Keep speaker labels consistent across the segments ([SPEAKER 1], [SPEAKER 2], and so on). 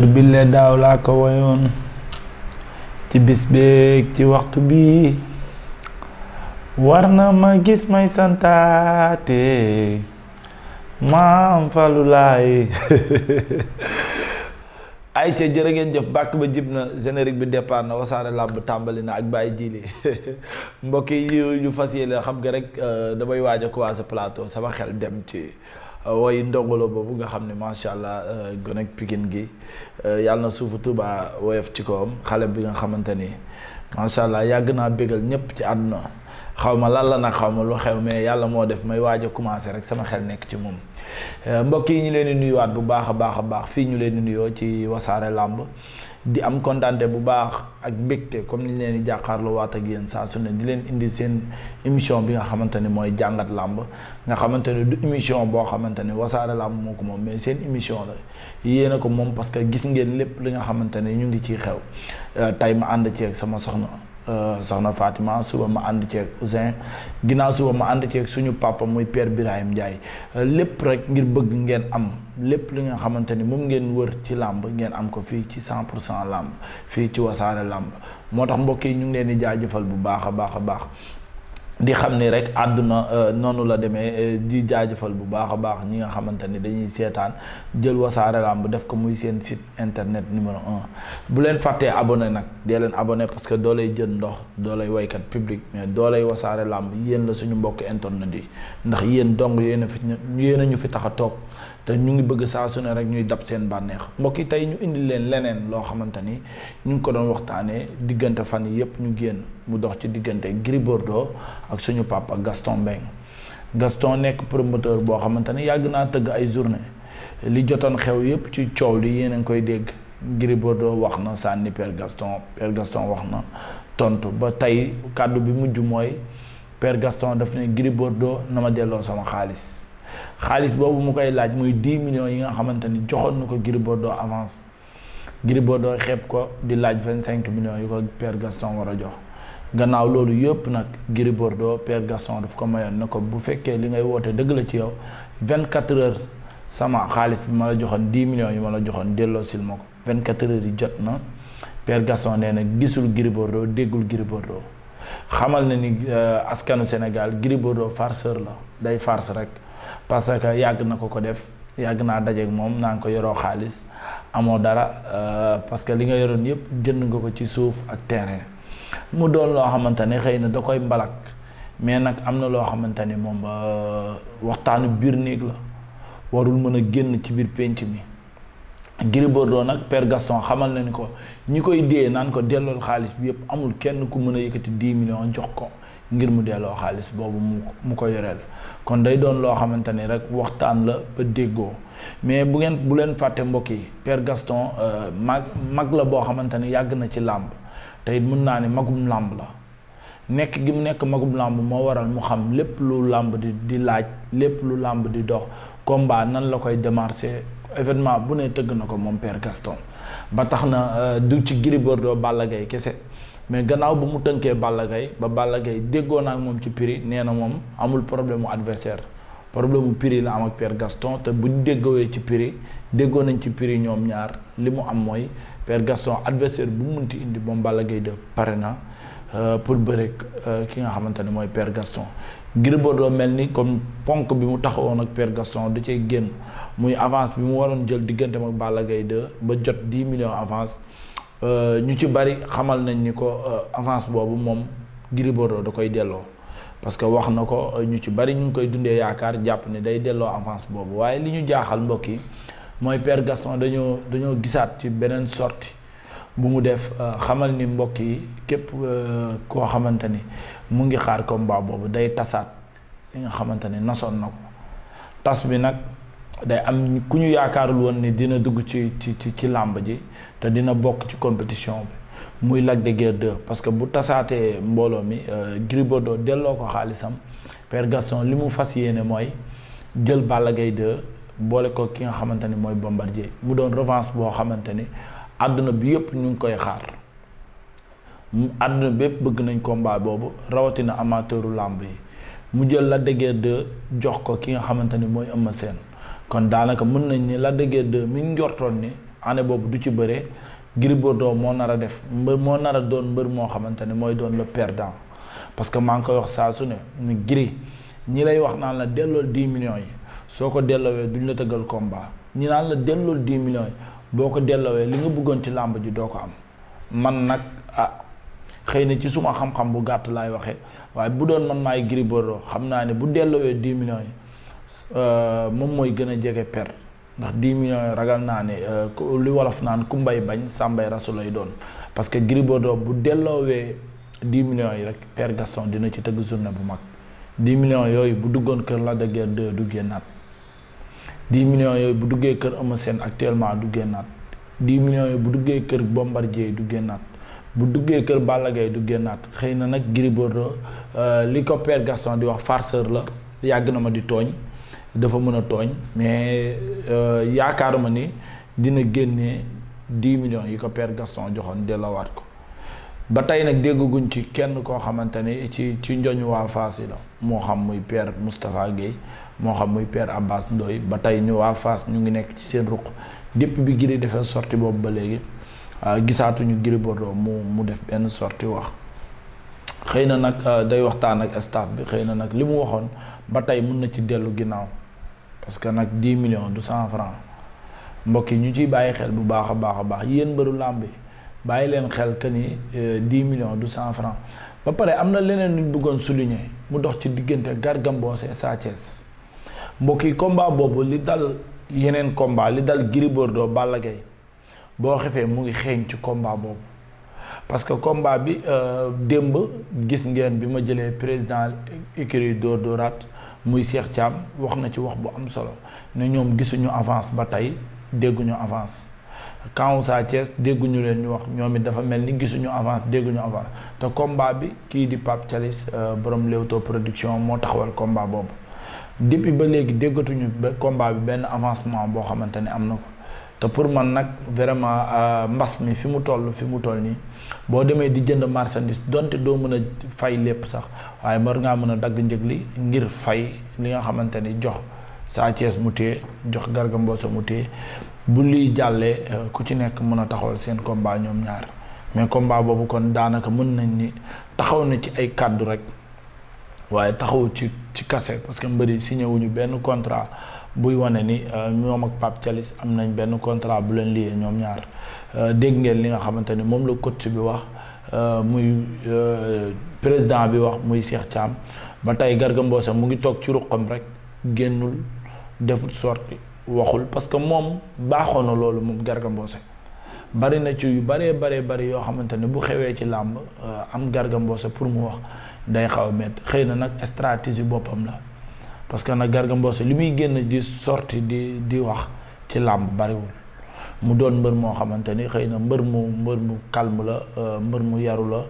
[SPEAKER 1] heure bile daaw laa ko woyoon ci bis beeg ci waxtu bi war na ma gis may santaate maam Fallou Laye ay ca jërë jëf bàkk ba jib na générique bi départ na wasaare làmb tàmbali na ak bàyyi jiili mbokk yi yu fas yéene xam nga rek euh, damay waaj a commencé plateau sama xel dem ci Euh, way ndongolo boobu nga xam ne macha allah euh, gone ak Pikine gi euh, yàlla na suufu Tuuba woyof ci kawam xale bi nga xamante ni macha allah yàgg naa bégal ñëpp ci àdduna xaw ma lan la nag xaw ma lu xew mais yàlla moo def may waaja a commencé rek sama xel nekk ci moom mbokk yi ñu leen di nuyuwaat bu baax a baax a baax fii ñu leen di nuyoo ci wasaare làmb di am kontaante bu baax ak mbégte comme ni leen di jàkkaarloo waat ak yéen saa su ne di leen indi seen émission bi nga xamante ne mooy jàngat làmb nga xamante ne du émission boo xamante ne wasaare làmb moo ko moom mais seen émission la yéen a ko moom parce que gis ngeen lépp li nga xamante ne ñu ngi ciy xew euh, tey ma ànd ci ak sama soxna. Euh, soxna Fatima suba ma ànd ceeg Ousseyn ginnaaw suba ma ànd ceeg suñu papa muy Père Birahim Ndiaye euh, lépp rek ngir bëgg ngeen am lépp li nga xamante ni moom ngeen wër ci làmb ngeen am ko fii ci cent pour cent làmb fii ci wasaare làmb moo tax mbokk yi ñu ngi leen di jaajëfal bu baax a baax a baax di xam ni rek àdduna euh, noonu la demee euh, di jaajëfal bu baax a baax ñi nga xamante ni dañuy seetaan jël wasaare làmb def ko muy seen site internet numéro un bu leen fàttee abone nag dee leen abone parce que doo lay jël ndox doo lay waykat public mais doo lay wasaare làmb yéen la suñu mbokk internet yi ndax yéen dong yéen a fi yéen a ñu fi tax a toog te ñu ngi bëgg saa su ne rek ñuy dab seen bànneex mbokk yi tey ñu indi leen leneen loo xamante ni ñu ngi ko doon waxtaanee diggante fan yi yëpp ñu génn mu dox ci diggante Gris Bordeaux ak suñu papa Gaston Mbengue Gaston nekk promoteur boo xamante ni yàgg naa tëgg ay journée li jotoon xew yëpp ci coow li yéen a ngi koy dégg Gris wax na sànni Père Gaston Père Gaston wax na tontu ba tey kàddu bi mujj mooy Père Gaston daf ne Gris na ma delloo sama xaalis. xaalis boobu mu koy laaj muy 10 millions yi nga xamante ni joxoon na ko Gris Bordeaux avance Gris Bordeaux xeeb ko di laaj 25 millions yu ko Père Gaston war a jox gannaaw loolu yëpp nag Gris Bordeaux Père Gaston daf ko mayoon na ko bu fekkee li ngay woote dëgg la ci yow vingt 24 heures sama xaalis bi ma la joxoon 10 millions yi ma la joxoon delloo sil ma ko 24 heures yi jot na per Gaston nee na gisul Gris Bordeaux déggul Gris Bordeaux xamal na ni euh, askanu Sénégal Gris Bordeaux la day farce rek parce que yàgg na ko ko def yàgg naa dajeek moom naa ngi ko yoroo xaalis amoo dara euh, parce que li nga yoroon yëpp jënd nga ko ci suuf ak terrain mu doon loo xamante ne xëy na da koy mbalak mais nag am na loo xamante ne moom euh, waxtaanu biir néeg la warul mën a génn ci biir pénc mi Gris doon nag Père Gaston xamal na ni ko ñi koy dee naan ko dellool xaalis bi yëpp amul kenn ku mën a yëkkati 10 millions jox ko ngir mu delloo xaalis boobu mu mu ko yoreel kon day doon loo xamante ni rek waxtaan la ba déggoo mais bu ngeen bu leen fàtte mbokk yi Père Gaston euh, mag mag la boo xamante ni yàgg na ci làmb te it mën naa ni magum làmb la nekk gi mu nekk magum làmb moo waral mu xam lépp lu làmb di di laaj lépp lu làmb di dox combat nan la koy démarché événement bu ne tëgg na ko moom Père Gaston ba tax na euh, du ci Gris Bordeaux Balla kese mais gannaaw bu mu tënkee Balla ba Balla Gaye déggoo naa moom ci prix nee na moom amul problème mu adversaire problème mu prix la am ak Père Gaston te buñ déggoowee ci prix déggoo nañ ci prix ñoom ñaar li mu am mooy Père Gaston adversaire bu mu munti indi moom Balla Gaye de pare na euh, pour bëre euh, ki nga xamante ne mooy Père Gaston Gris Bordeaux mel ni kon ponk bi mu taxawoon ak Père Gaston da cee génn muy avance bi mu waroon jël diggante ak Balla Gaye ba jot 10 millions avance Euh, ñu ci bari xamal nañ ni ko euh, avance boobu moom Gris Bordeaux da koy delloo parce que wax na ko euh, ñu ci bari ñu ngi koy dundee yaakaar jàpp ne day delloo avance boobu waaye li ñu jaaxal mbokk yi mooy Père Gaston dañoo dañoo gisaat ci beneen sortie bu mu def xamal ni mbokk yi képp koo xamante ni mu ngi xaar combat boobu day tasaat li nga xamante ni nasoon na ko tas bi nag. day am ku ñu yaakaarul woon ni dina dugg ci ci ci ci làmb ji te dina bokk ci compétition bi muy Lac de Guiers parce que bu tasaatee mbooloo mi euh, Gris Bordeaux delloo ko xaalisam Père Gaston li mu fas yéene mooy jël Balla Gaye 2 boole ko ki nga xamante ni mooy Bombardier mu doon revanche boo xamante ni àdduna bi yëpp ñu ngi koy xaar àdduna bépp bëgg nañ combat boobu rawatina amateuru làmb yi mu jël Lac de jox ko ki nga xamante ni mooy Eumeu Sène kon daanaka mën nañ ni la de Guiers 2 mi ngi njortoon ni année boobu du ci bëree Gris Bordeaux moo nar a def mbër moo nar a doon mbër moo xamante ne mooy doon le perdant parce que maa ngi koy wax saa su ne ni Gris ñi lay wax naan la dellool 10 millions yi soo ko delloowee duñu la tëggal komba ñi naan la dellool 10 million yi boo ko delloowee li nga bëggoon ci làmb ji doo ko am man nag ah xëy na ci suma xam-xam bu gàtt laay waxee waaye bu doon man maay Gris Bordeaux xam naa ne bu delloowee 10 millions yi Euh, moom mooy gën a jege per ndax 10 millions ragal naa ne lu euh, wolof naan ku bañ sàmbay rasu lay doon parce que Gris Bordeaux bu delloowee 10 millions yi rek Père Gaston dina ci tëgg journée bu mag 10 millions yooyu bu duggoon kër Lac de Guiers 2 du génnaat 10 millions yooyu bu duggee kër ama seen actuellement du génnaat 10 millions yooyu bu duggee kër Bombardier du génnaat bu duggee kër Balla Gaye du génnaat xëy na nag Gris Bordeaux euh, li ko Père Gaston di wax farceur la yàgg na ma di tooñ dafa mën a tooñ mais euh, ma ni dina génne dix millions yi ko père Gaston joxoon delloowaat ko ba tey nag déggaguñ ci kenn koo xamante ni ci ci njoñ waa Fass yi la moo xam muy père Moustapha Guèye moo xam muy père Abbas Ndoye ba tey ñu waa Fass ñu ngi nekk ci seen ruq depuis bi Gris defee sorti boobu ba léegi euh, gisaatuñu Gris Bordeaux mu mu def benn sorti wax xëy na nag euh, day waxtaan ak staff bi xëy na nag li mu waxoon ba tey mun na ci dellu ginnaaw parce que nag dix millions du cent franc mbokk yi ñu ci bàyyi xel bu baax a baax a baax yéen mbëru làmb bàyyi leen xel que ni euh, dix millions du cent franc ba pare am na leneen luñ bëggoon souligner mu dox ci diggante Garga Mbossé Sa Thiès mbokk yi combat boobu li dal yeneen combat li dal Gris doo Balla Gaye boo xefee mu ngi xeeñ ci combat boobu parce que combat bi euh, démb gis ngeen bi ma jëlee président écurie Dóor Dóoraat muy Cheikh Thiam wax na ci wax bu am solo ne ñoom gisuñu avance ba tey dégguñu avance Kaaw Sa dégguñu leen ñu wax ñoom it dafa mel ni gisuñu avance dégguñu avance te combat bi kii di Pape Thialis euh, borom Leewtoo production moo taxawal combat boobu depuis ba léegi déggatuñu ba combat bi benn avancement boo xamante ne am na ko. te pour man nag vraiment euh, mbas mi fi mu toll fi mu toll nii boo demee di jënd marchandise donte doo mën a fay lépp sax waaye war ngaa mën a dagg njëg li ngir fay li nga xamante ni jox Sa Thiès mu téye jox Garga Mbossé mu téye bu luy jàllee euh, ku ci nekk mun a taxawal seen combat ñoom ñaar mais combat boobu kon daanaka mën nañ ni taxaw na ci ay kàddu rek waaye taxaw ci ci kase parce que mbëri signé wuñu benn contrat buy wane ni euh, ñoom ak Pape Thialis am nañ benn contrat bu leen liyee ñoom ñaar euh, dégg ngeen li nga xamante ni moom la coach bi wax euh, muy président bi wax muy Cheikh Thiam ba tey Garga Mbossé mu ngi toog ci ruqam rek génnul defut sorti waxul parce que moom baaxoon na loolu moom Garga bari na ci yu baree baree bari yoo xamante ne bu xewee ci làmb euh, am Garga pour mu wax day xaw a métti xëy na nag stratégie boppam la parce que nag Garga Mbossé li muy génn di sorti di di wax ci làmb bariwul mu doon mbër moo xamante ni xëy na mbër mu mbër mu calme la euh, mbër mu yaru la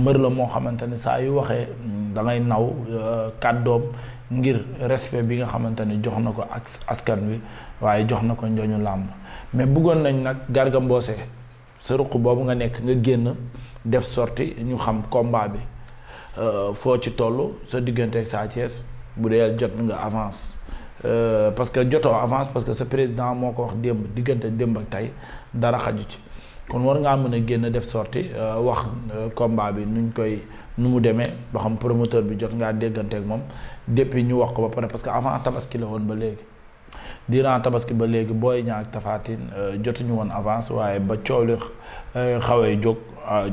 [SPEAKER 1] mbër la moo xamante ni saa yu waxee mm, da ngay naw euh, kàddoom ngir respect bi nga xamante ni jox na ko ak askan wi waaye jox na ko njoñu làmb mais bëggoon nañ nag Garga Mbossé sa ruq boobu nga nekk nga génn def sorti ñu xam komba bi euh, foo ci tollu sa diggante ak Sa Thiès bu dee jot nga avance Euh, parce que joto avance parce que sa président moo ko wax démb diggante démb ak tey dara xaju ci kon war ngaa mën a génn def sorti euh, wax euh, combat bi nuñ koy nu mu demee ba xam promoteur bi jot ngaa déggante ak moom depuis ñu wax ko ba pare parce que avant tabaski la woon ba léegi durant tabaski ba léegi booy ñaar ak Tapha Tine jotuñu woon avance waaye ba coow li xawee jóg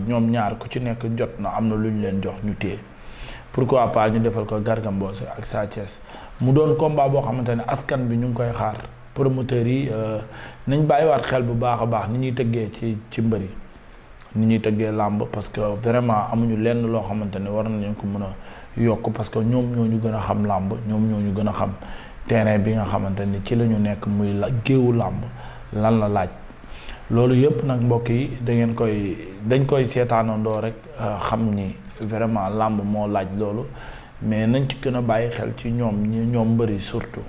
[SPEAKER 1] ñoom ñaar ku ci nekk jot na am na lu ñu leen jox ñu téye pourquoi pas ñu defal ko Garga ak Sa Thiès mu doon combat boo xamante ne askan bi ñu ngi koy xaar promoteurs yi euh, nañ bàyyiwaat xel bu baax a baax ni ñuy tëggee ci ci mbër yi ni ñuy tëggee làmb parce que vraiment amuñu lenn loo xamante ne war nañ ko mën a yokk parce que ñoom ñoo ñu gën a xam làmb ñoom ñoo ñu gën a xam terrain bi nga xamante ni ci la ñu nekk muy la géewu làmb lan la laaj loolu yëpp nag mbokk yi da ngeen koy dañ koy seetaanandoo rek euh, xam ni vraiment làmb moo laaj loolu mais nañ ci gën a bàyyi xel ci ñoom ñi ñoom mbëri surtout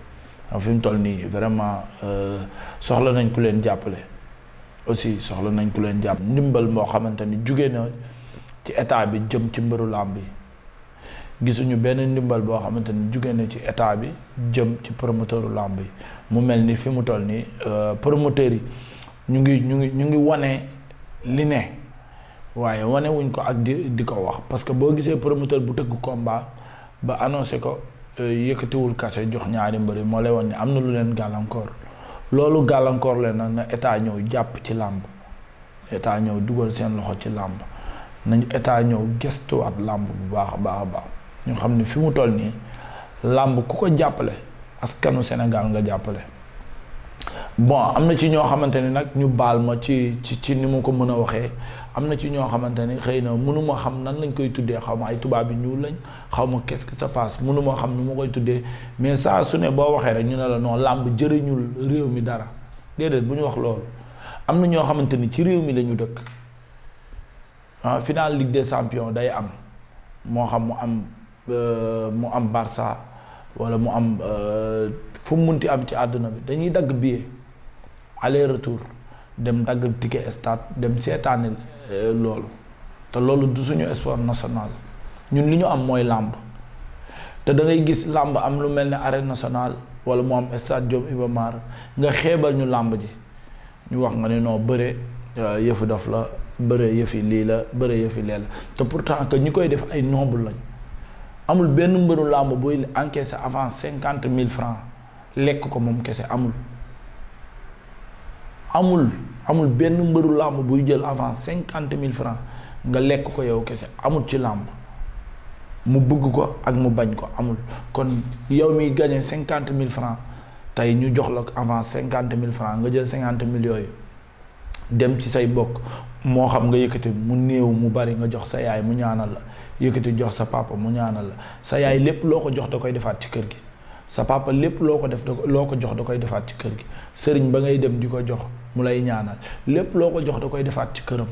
[SPEAKER 1] am fi mu toll nii vraiment euh, soxla nañ ku leen jàppale aussi soxla nañ ku leen jàpp ndimbal moo xamante ni jugee na ci état bi jëm ci mbëru làmb yi gisuñu benn ndimbal boo xamante ni jugee na ci état bi jëm ci promoteuru làmb yi mu mel ni fi mu toll nii euh, promoteurs yi ñu ngi ñu ngi ñu ngi wane li ne waaye wane wuñ ko ak di di ko wax parce que boo gisee promoteur bu tëgg combat ba annoncé ko euh, yëkkatiwul kase jox ñaari mbëri moo lay woon ni am na lu leen gàllankoor loolu gàllankoor leen nag na état ñëw jàpp ci làmb état ñëw dugal seen loxo ci làmb nañu état ñëw gestuwaat làmb bu baax a baax a baax ñu xam ne fi mu toll nii làmb ku ko jàppale askanu Sénégal nga jàppale bon am na ci ñoo xamante ni nag ñu baal ma ci ci ci ni mu ko mën a waxee am na ci ñoo xamante ni xëy na mënuma xam nan lañ koy tuddee xaw ma ay tubaab yi ñuul lañ xaw ma qu'est-ce que ça xam nu ma koy tuddee mais saa su ne boo waxee rek ñu ne la noo làmb jëriñul réew mi dara déedéet bu ñu wax loolu am na ñoo xamante ni ci réew mi la dëkk ah finale Ligue des Champions day am moo xam mu am euh, mu am barsa wala mu am euh, fu mu munti am ci àdduna bi dañuy dagg billet. aller retour dem dagg ticket stade dem seetaani eh, loolu te loolu du suñu sport national ñun li ñu am mooy làmb te da ngay gis làmb am lu mel ni arène nationale wala mu am stade Diop Iba nga xeebal ñu làmb ji ñu wax nga ne non bëre eh, yëfu dof la bëre yëfi lii la bëre yëfi lee la te pourtant que ñu koy def ay noble lañ amul benn mbëru làmb buy encaissé avant cinquante mille francs lekk ko moom kese amul amul amul benn mbëru làmb buy jël avant cinquante mille francs nga lekk ko yow kese amul ci làmb mu bugg ko ak mu bañ ko amul kon yow miy gagné cinquante mille francs tey ñu jox la avant cinquante mille francs nga jël cinquante mille yooyu dem ci say bokk moo xam nga yëkkati mu néew mu bari nga jox sa yaay mu ñaanal la yëkkati jox sa papa mu ñaanal la sa yaay lépp loo ko jox da koy defaat ci kër gi sa papa lépp loo ko def da loo ko jox da koy defaat ci kër gi sëriñ ba ngay dem di ko jox mu lay ñaanal lépp loo ko jox da koy defaat ci këram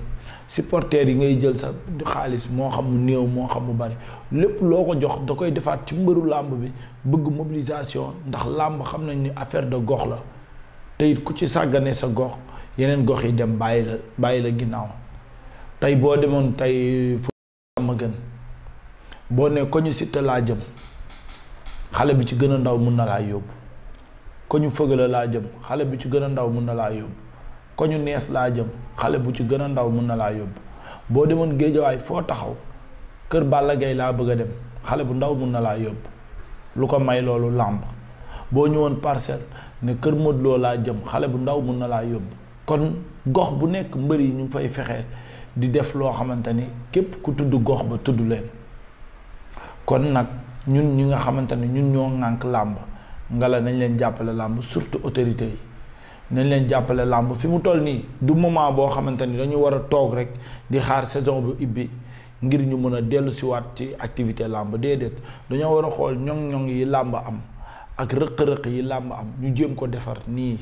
[SPEAKER 1] supporters yi ngay jël sa xaalis moo xam mu néew moo xam mu bari lépp loo ko jox da koy defaat ci mbëru làmb bi bëgg mobilisation ndax làmb xam nañ ni affaire de gox la te ku ci sàggane sa gox yeneen gox yi dem bàyyi la bàyyi la ginnaaw tey boo demoon tey fu ma gën boo ne ko ñu laa jëm xale bi ci gën a ndaw mun na laa yóbbu ko ñu fëgala laa jëm xale bi ci gën a ndaw mun na laa yóbbu ko nees laa jëm xale bu ci gën a ndaw mun na laa yóbbu boo demoon géejawaay foo taxaw kër Balla Gaye laa bëgg a dem xale bu ndaw mun na laa yóbbu lu ko may loolu làmb boo ñëwoon parcelle ne kër Modou Lo laa jëm xale bu ndaw mun na laa yóbbu kon gox bu nekk mbër yi ñu fay fexe di def loo xamante ni képp ku tudd gox ba tudd leen kon nag ñun ñu nga xamante ne ñun ñoo ŋànk làmb ngala nañ leen jàppale làmb surtout autorité yi nañ leen jàppale làmb fi mu toll nii du moment boo xamante ni dañu war a toog rek di xaar saison bu ibbi ngir ñu mën a dellu siwaat ci activité làmb déedéet dañoo war a xool ñoŋ-ñoŋ yi làmb am ak rëq-rëq yi làmb am ñu jéem ko defar nii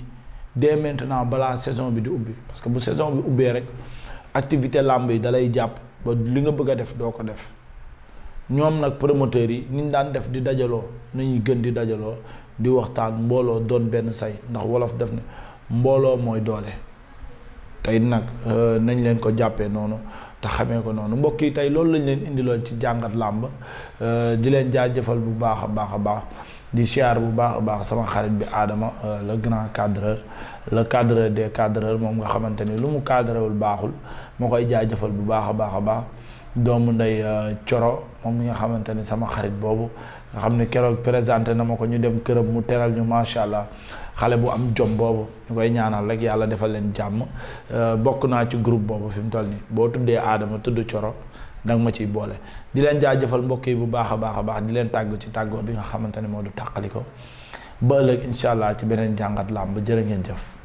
[SPEAKER 1] dès maintenant balaa saison bi di ubbi parce que bu saison bi ubbee rek activité làmb yi dalay jàpp ba li nga bëgg a def doo ko def ñoom nag promoteurs yi niñ daan def di dajaloo nañuy gën di dajaloo di waxtaan mbooloo doon benn say ndax wolof def ne mbooloo mooy doole tey nag euh, nañ leen ko jàppee noonu te xamee ko noonu mbokk yi tey loolu lañ leen indiloon ci jàngat làmb euh, di leen jaajëfal bu baax a baax a baax di siyaar bu baax a baax sama xarit bi Adama euh, le grand cadreur la cadreur des cadreurs moom nga xamante ni lu mu cadrewul baaxul moo koy jaajëfal bu baax a baax a baax doomu nday euh, Coro moom mi nga xamante ni sama xarit boobu nga xam ne keroog présenté na ma ko ñu dem këram mu teral ñu macha allah xale bu am jom boobu ñu koy ñaanal rek yàlla defal leen jàmm euh, bokk naa ci groupe boobu fi mu toll nii boo tuddee aadama tudd Coro danga ma ciy boole di leen jaajëfal mbokk yi bu baax a baax a baax di leen tàgg ci tàggoo bi nga xamante ne moo du tàqali ko ba ëllëg incha allah ci beneen jàngat làmb jërë ngeen jëf.